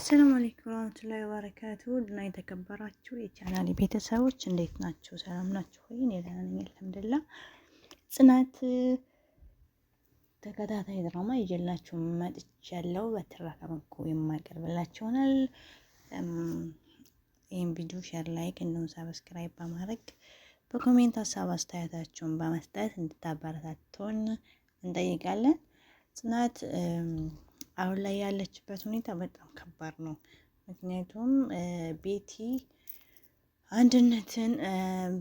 አሰላሙ አለይኩም ወራህመቱላሂ ወበረካቱ እና የተከበራችሁ የቻናሌ ቤተሰቦች እንዴት ናችሁ? ሰላም ናችሁ ወይ? እኔ ደህና ነኝ አልሐምዱሊላህ። ጽናት ተከታታይ ድራማ ይዤላችሁ መጥቻለሁ። በትረካ መልኩ የማቀርብላችሁ ይሆናል። ይህን ቪዲዮ ሼር፣ ላይክ እንዲሁም ሰብስክራይብ በማድረግ በኮሜንት ሀሳብ አስተያየታችሁን በመስጠት እንድታበረታቱን እንጠይቃለን። ጽናት አሁን ላይ ያለችበት ሁኔታ በጣም ከባድ ነው። ምክንያቱም ቤቲ አንድነትን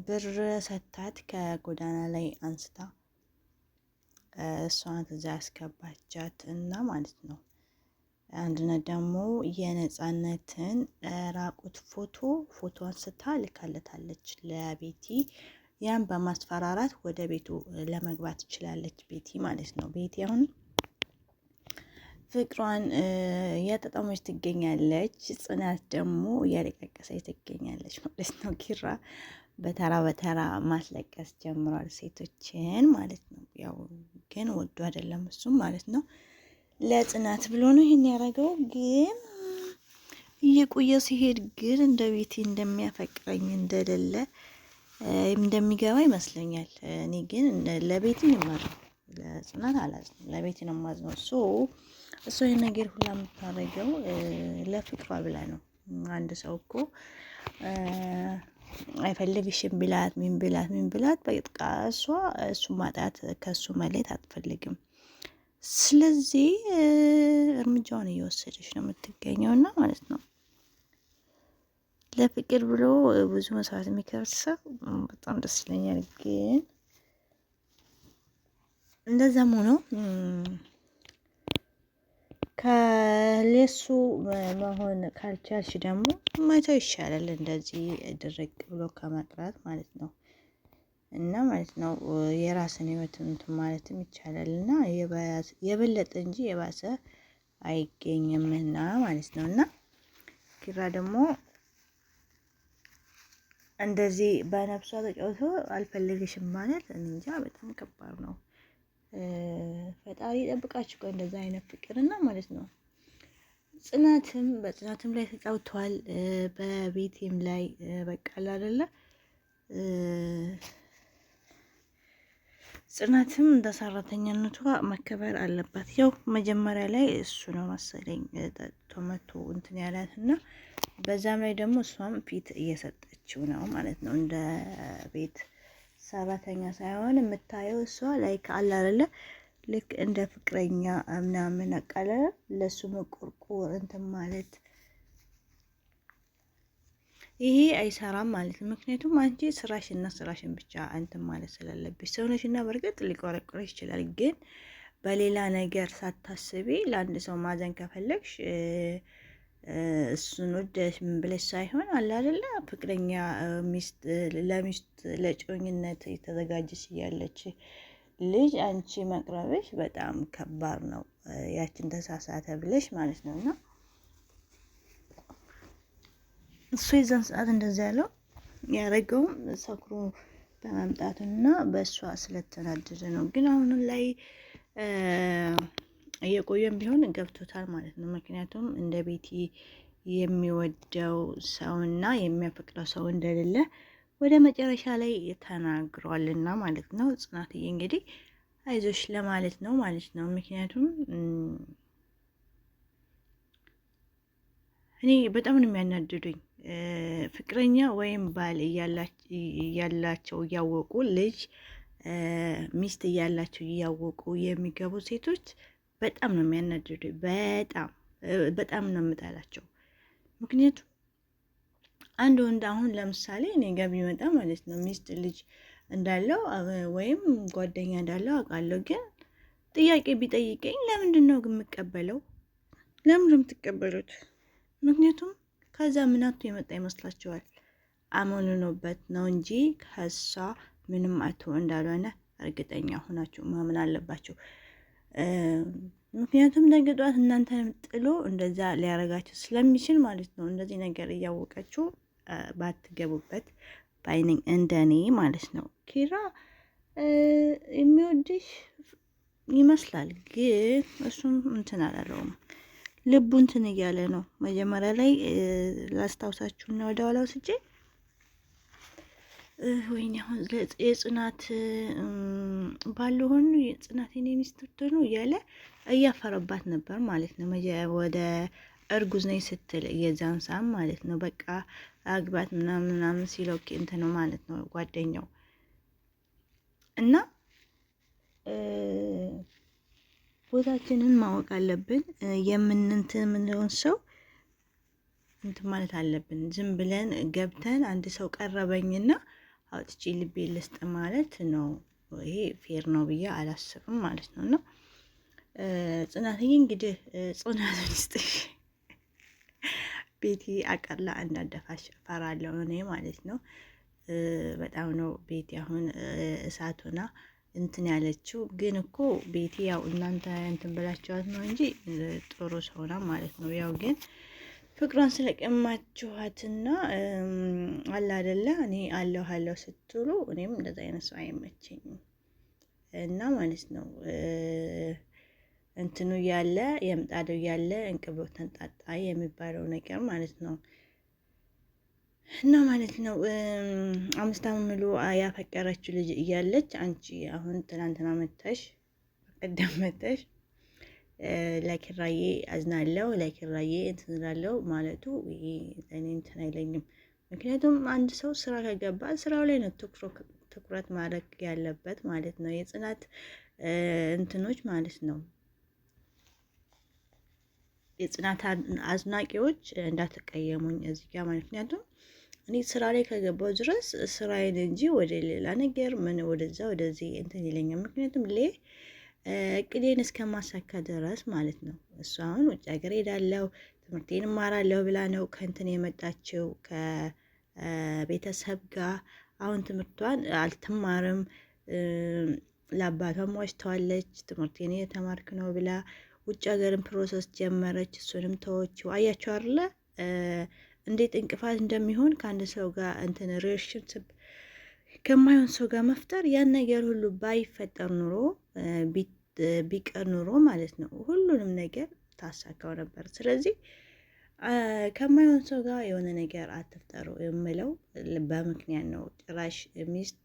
ብር ሰታት ከጎዳና ላይ አንስታ እሷን እዛ ያስገባቻት እና ማለት ነው። አንድነት ደግሞ የነፃነትን ራቁት ፎቶ ፎቶ አንስታ ልካለታለች ለቤቲ። ያን በማስፈራራት ወደ ቤቱ ለመግባት ትችላለች ቤቲ ማለት ነው። ቤቲ አሁን ፍቅሯን እያጠጠመች ትገኛለች። ጽናት ደግሞ እያለቀቀሰች ትገኛለች ማለት ነው። ኪራ በተራ በተራ ማስለቀስ ጀምሯል፣ ሴቶችን ማለት ነው። ያው ግን ወዱ አይደለም እሱም ማለት ነው። ለጽናት ብሎ ነው ይህን ያደረገው። ግን እየቆየ ሲሄድ ግን እንደ ቤቴ እንደሚያፈቅረኝ እንደሌለ እንደሚገባ ይመስለኛል። እኔ ግን ለቤቴ ይመራ ለጽናት አላዝነው፣ ለቤቴ ነው የማዝነው። እሷ ነገር ሁላ የምታደርገው ለፍቅሯ ብላ ነው። አንድ ሰው እኮ አይፈልግሽም ብላት ምን ብላት ምን ብላት በቃ እሷ እሱ ማጣት ከእሱ መለየት አትፈልግም። ስለዚህ እርምጃውን እየወሰደች ነው የምትገኘው እና ማለት ነው ለፍቅር ብሎ ብዙ መስዋዕት የሚከፍል ሰው በጣም ደስ ይለኛል። ግን እንደዛም ሆኖ ከሌሱ መሆን ካልቻልሽ ደግሞ መተው ይሻላል፣ እንደዚህ ድርቅ ብሎ ከመቅራት ማለት ነው። እና ማለት ነው የራስን ህይወት እንትን ማለትም ይቻላል። እና የበለጠ እንጂ የባሰ አይገኝምና ማለት ነው። እና ኪራ ደግሞ እንደዚህ በነፍሷ ተጫውቶ አልፈልግሽም ማለት እንጃ፣ በጣም ከባድ ነው። ፈጣሪ ይጠብቃችሁ ከእንደዛ አይነት ፍቅርና ማለት ነው። ጽናትም በጽናትም ላይ ተጫውተዋል። በቤቴም ላይ በቃል አደለ ጽናትም እንደ ሰራተኛነቷ መከበር አለባት። ያው መጀመሪያ ላይ እሱ ነው መሰለኝ ጠጥቶ መቶ እንትን ያላት እና በዛም ላይ ደግሞ እሷም ፊት እየሰጠችው ነው ማለት ነው እንደ ቤት ሰራተኛ ሳይሆን የምታየው እሷ ላይ ከአላ አይደለ ልክ እንደ ፍቅረኛ ምናምን አቃለ ለሱ መቆርቆር እንትን ማለት ይሄ አይሰራም ማለት ነው። ምክንያቱም አንቺ ስራሽ ስራሽና ስራሽን ብቻ እንትን ማለት ስላለብሽ ሰውነሽና በእርግጥ ሊቆረቆረሽ ይችላል፣ ግን በሌላ ነገር ሳታስቢ ለአንድ ሰው ማዘን ከፈለግሽ እሱን ወደሽ ምን ብለሽ ሳይሆን አለ አይደለ ፍቅረኛ ሚስት ለሚስት ለጮኝነት የተዘጋጀች እያለች ልጅ አንቺ መቅረብሽ በጣም ከባድ ነው። ያችን ተሳሳተ ብለሽ ማለት ነው። እና እሱ የዛን ሰዓት እንደዚያ ያለው ያደረገውም ሰክሮ በመምጣቱና በእሷ ስለተናደደ ነው። ግን አሁን ላይ እየቆየም ቢሆን ገብቶታል ማለት ነው። ምክንያቱም እንደ ቤቲ የሚወደው ሰውና የሚያፈቅደው ሰው እንደሌለ ወደ መጨረሻ ላይ ተናግሯልና ማለት ነው። ጽናትዬ እንግዲህ አይዞሽ ለማለት ነው ማለት ነው። ምክንያቱም እኔ በጣም ነው የሚያናድዱኝ ፍቅረኛ ወይም ባል እያላቸው እያወቁ ልጅ ሚስት እያላቸው እያወቁ የሚገቡ ሴቶች በጣም ነው የሚያናድዱ። በጣም በጣም ነው የምጠላቸው። ምክንያቱም አንድ ወንድ አሁን ለምሳሌ እኔ ጋ ቢመጣ ማለት ነው ሚስት ልጅ እንዳለው ወይም ጓደኛ እንዳለው አውቃለሁ። ግን ጥያቄ ቢጠይቀኝ ለምንድን ነው ግን የምቀበለው? ለምንድን ነው የምትቀበሉት? ምክንያቱም ከዛ ምናቱ የመጣ ይመስላችኋል? አመኑኖበት ነው እንጂ ከሷ ምንም አቶ እንዳልሆነ እርግጠኛ ሆናችሁ ማመን አለባችሁ። ምክንያቱም ነገ ጠዋት እናንተንም ጥሎ እንደዛ ሊያረጋችሁ ስለሚችል ማለት ነው። እንደዚህ ነገር እያወቀችው ባትገቡበት ባይነኝ እንደኔ ማለት ነው። ኪራ የሚወድሽ ይመስላል፣ ግን እሱም እንትን አላለውም። ልቡ እንትን እያለ ነው። መጀመሪያ ላይ ላስታውሳችሁና ወደኋላ ስጬ ወይኔ አሁን የጽናት ባለሆኑ የጽናት ኔ ሚስትት ነው እያለ እያፈረባት ነበር ማለት ነው። ወደ እርጉዝ ነኝ ስትል የዛን ሳም ማለት ነው። በቃ አግባት ምናምን ምናምን ሲለው እንትን ነው ማለት ነው ጓደኛው እና ቦታችንን ማወቅ አለብን። የምንንት የምንለውን ሰው እንትን ማለት አለብን። ዝም ብለን ገብተን አንድ ሰው ቀረበኝና አውጥቼ ልቤ ልስጥ ማለት ነው። ይሄ ፌር ነው ብዬ አላስብም ማለት ነው። እና ጽናትዬ እንግዲህ ጽናት ይስጥሽ። ቤቲ አቀላ እንዳደፋሽ ፈራለሁ እኔ ማለት ነው። በጣም ነው ቤቲ አሁን እሳት ሆና እንትን ያለችው። ግን እኮ ቤቲ ያው እናንተ እንትን ብላችኋት ነው እንጂ ጥሩ ሰውና ማለት ነው። ያው ግን ፍቅሯን ስለቀማችኋትና አለ አደለ እኔ አለሁ አለሁ ስትሉ እኔም እንደዚ አይነት ሰው አይመቸኝም እና ማለት ነው እንትኑ እያለ የምጣደው እያለ እንቅብሮ ተንጣጣ የሚባለው ነገር ማለት ነው። እና ማለት ነው አምስት ዓመት ሙሉ ያፈቀረችው ልጅ እያለች አንቺ አሁን ትናንትና መተሽ ቀደም መተሽ ለኪራዬ አዝናለው ለኪራዬ እንትን እላለው ማለቱ ይሄ እኔ እንትን አይለኝም። ምክንያቱም አንድ ሰው ስራ ከገባ ስራው ላይ ነው ትኩረት ማድረግ ያለበት ማለት ነው። የጽናት እንትኖች ማለት ነው። የጽናት አዝናቂዎች እንዳትቀየሙኝ እዚህ ጋር ማለት ምክንያቱም እኔ ስራ ላይ ከገባው ድረስ ስራዬን እንጂ ወደ ሌላ ነገር ምን ወደዛ ወደዚህ እንትን ይለኛል። ምክንያቱም ሌ እቅዴን እስከማሳካ ድረስ ማለት ነው። እሱ አሁን ውጭ ሀገር ሄዳለሁ ትምህርቴን እማራለሁ ብላ ነው ከእንትን የመጣችው ከቤተሰብ ጋር። አሁን ትምህርቷን አልትማርም ለአባቷም ዋጅተዋለች። ትምህርቴን የተማርክ ነው ብላ ውጭ ሀገርን ፕሮሰስ ጀመረች። እሱንም ተወችው። አያቸው አለ እንዴት እንቅፋት እንደሚሆን ከአንድ ሰው ጋር እንትን ሪሌሽንሽፕ ከማይሆን ሰው ጋር መፍጠር ያን ነገር ሁሉ ባይፈጠር ኑሮ ቢቀር ኑሮ ማለት ነው ሁሉንም ነገር ታሳካው ነበር። ስለዚህ ከማይሆን ሰው ጋር የሆነ ነገር አትፍጠሩ የምለው በምክንያት ነው። ጭራሽ ሚስት፣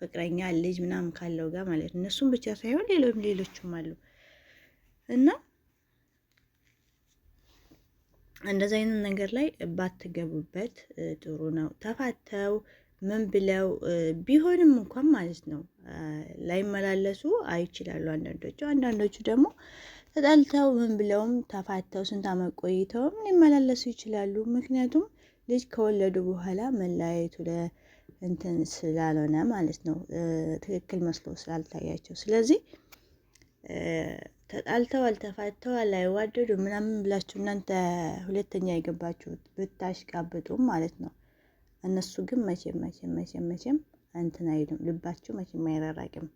ፍቅረኛ፣ ልጅ ምናምን ካለው ጋር ማለት ነው። እነሱም ብቻ ሳይሆን ሌሎም ሌሎችም አሉ እና እንደዚህ አይነት ነገር ላይ ባትገቡበት ጥሩ ነው። ተፋተው ምን ብለው ቢሆንም እንኳን ማለት ነው ላይመላለሱ አይችላሉ። አንዳንዶቹ አንዳንዶቹ ደግሞ ተጣልተው ምን ብለውም ተፋተው ስንት አመት ቆይተውም ሊመላለሱ ይችላሉ። ምክንያቱም ልጅ ከወለዱ በኋላ መለያየቱ ለእንትን ስላልሆነ ማለት ነው ትክክል መስሎ ስላልታያቸው፣ ስለዚህ ተጣልተው አልተፋተው አይዋደዱ ምናምን ብላችሁ እናንተ ሁለተኛ የገባችሁት ብታሽቃብጡም ማለት ነው እነሱ ግን መቼም መቼም መቼም መቼም እንትን አይሉም። ልባቸው መቼም አይራራቅም።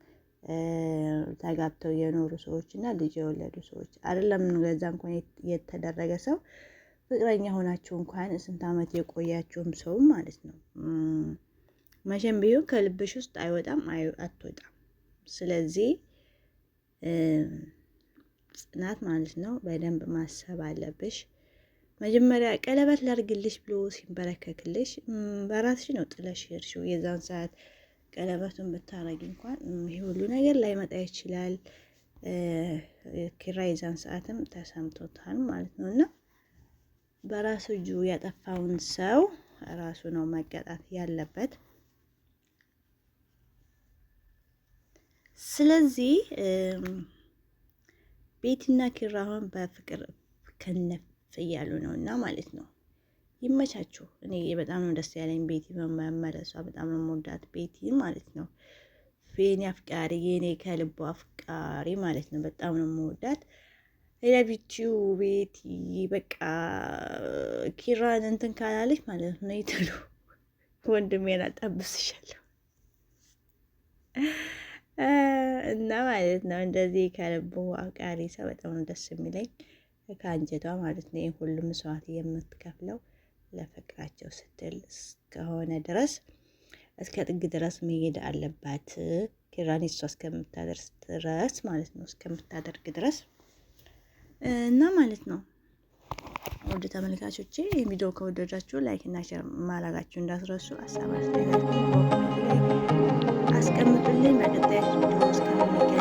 ተጋብተው የኖሩ ሰዎች እና ልጅ የወለዱ ሰዎች አይደለም። ገዛ እንኳን የተደረገ ሰው ፍቅረኛ ሆናችሁ እንኳን ስንት ዓመት የቆያችሁም ሰው ማለት ነው መቼም ቢሆን ከልብሽ ውስጥ አይወጣም አትወጣም። ስለዚህ ጽናት ማለት ነው በደንብ ማሰብ አለብሽ። መጀመሪያ ቀለበት ላርግልሽ ብሎ ሲንበረከክልሽ በራስሽ ነው ጥለሽ ሄድሽው። የዛን ሰዓት ቀለበቱን ብታረግ እንኳን ይሄ ሁሉ ነገር ላይመጣ ይችላል። ኪራ የዛን ሰዓትም ተሰምቶታል ማለት ነው። እና በራሱ እጁ ያጠፋውን ሰው ራሱ ነው መቀጣት ያለበት። ስለዚህ ቤቲና ኪራሁን በፍቅር ከነፍ እያሉ ነው እና ማለት ነው። ይመቻችሁ። እኔ በጣም ነው ደስ ያለኝ ቤቲ በመመለሷ በጣም ነው የምወዳት ቤቲ ማለት ነው። የኔ አፍቃሪ የኔ ከልቦ አፍቃሪ ማለት ነው። በጣም ነው የምወዳት። ሌላ ቪዲዮ ቤቲ በቃ ኪራን እንትን ካላለች ማለት ነው ይትሉ ወንድሜን አጣብስሻለሁ እና ማለት ነው እንደዚህ ከልቦ አፍቃሪ ሰው በጣም ነው ደስ የሚለኝ። ከአንጀቷ ማለት ነው። ይህ ሁሉ መስዋዕት የምትከፍለው ለፍቅራቸው ስትል እስከሆነ ድረስ እስከ ጥግ ድረስ መሄድ አለባት። ኪራን እሷ እስከምታደርስ ድረስ ማለት ነው እስከምታደርግ ድረስ እና ማለት ነው። ውድ ተመልካቾቼ ቪዲዮ ከወደዳችሁ ላይክ እና ሸር ማላጋችሁ እንዳትረሱ። አሳብ አስቀምጡልኝ። በቀጣይ እስከምንገናኝ